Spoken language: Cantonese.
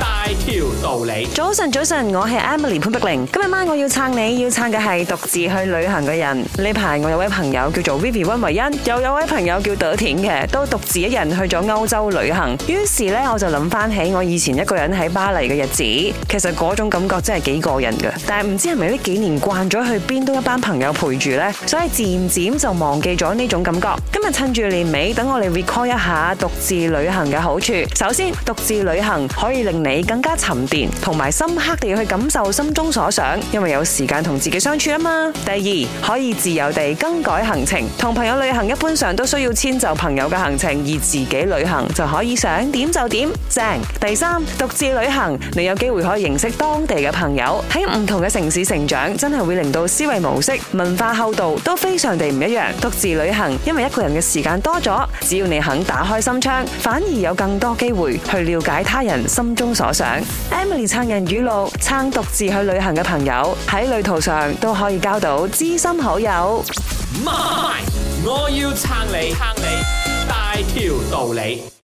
大條道理。早晨，早晨，我係 Emily 潘碧玲。今日晚我要撐你，要撐嘅係獨自去旅行嘅人。呢排我有位朋友叫做 Vivi 温唯欣，in，又有位朋友叫朵田嘅，都獨自一人去咗歐洲旅行。於是呢，我就諗翻起我以前一個人喺巴黎嘅日子，其實嗰種感覺真係幾過癮嘅。但係唔知係咪呢幾年慣咗去邊都一班朋友陪住呢，所以漸漸就忘記咗呢種感覺。今日趁住年尾，等我哋 recall 一下獨自旅行嘅好處。首先，獨自旅行可以令你更加沉澱同埋深刻地去感受心中所想，因為有時間同自己相處啊嘛。第二，可以自由地更改行程，同朋友旅行一般上都需要遷就朋友嘅行程，而自己旅行就可以想點就點，正。第三，獨自旅行，你有機會可以認識當地嘅朋友，喺唔同嘅城市成長，真係會令到思維模式、文化厚度都非常地唔一樣。獨自旅行，因為一個人嘅時間多咗，只要你肯打開心窗，反而有更多機會去了解他人心中所想，Emily 撐人語錄，撐獨自去旅行嘅朋友喺旅途上都可以交到知心好友。媽咪，我要撐你，撐你大條道理。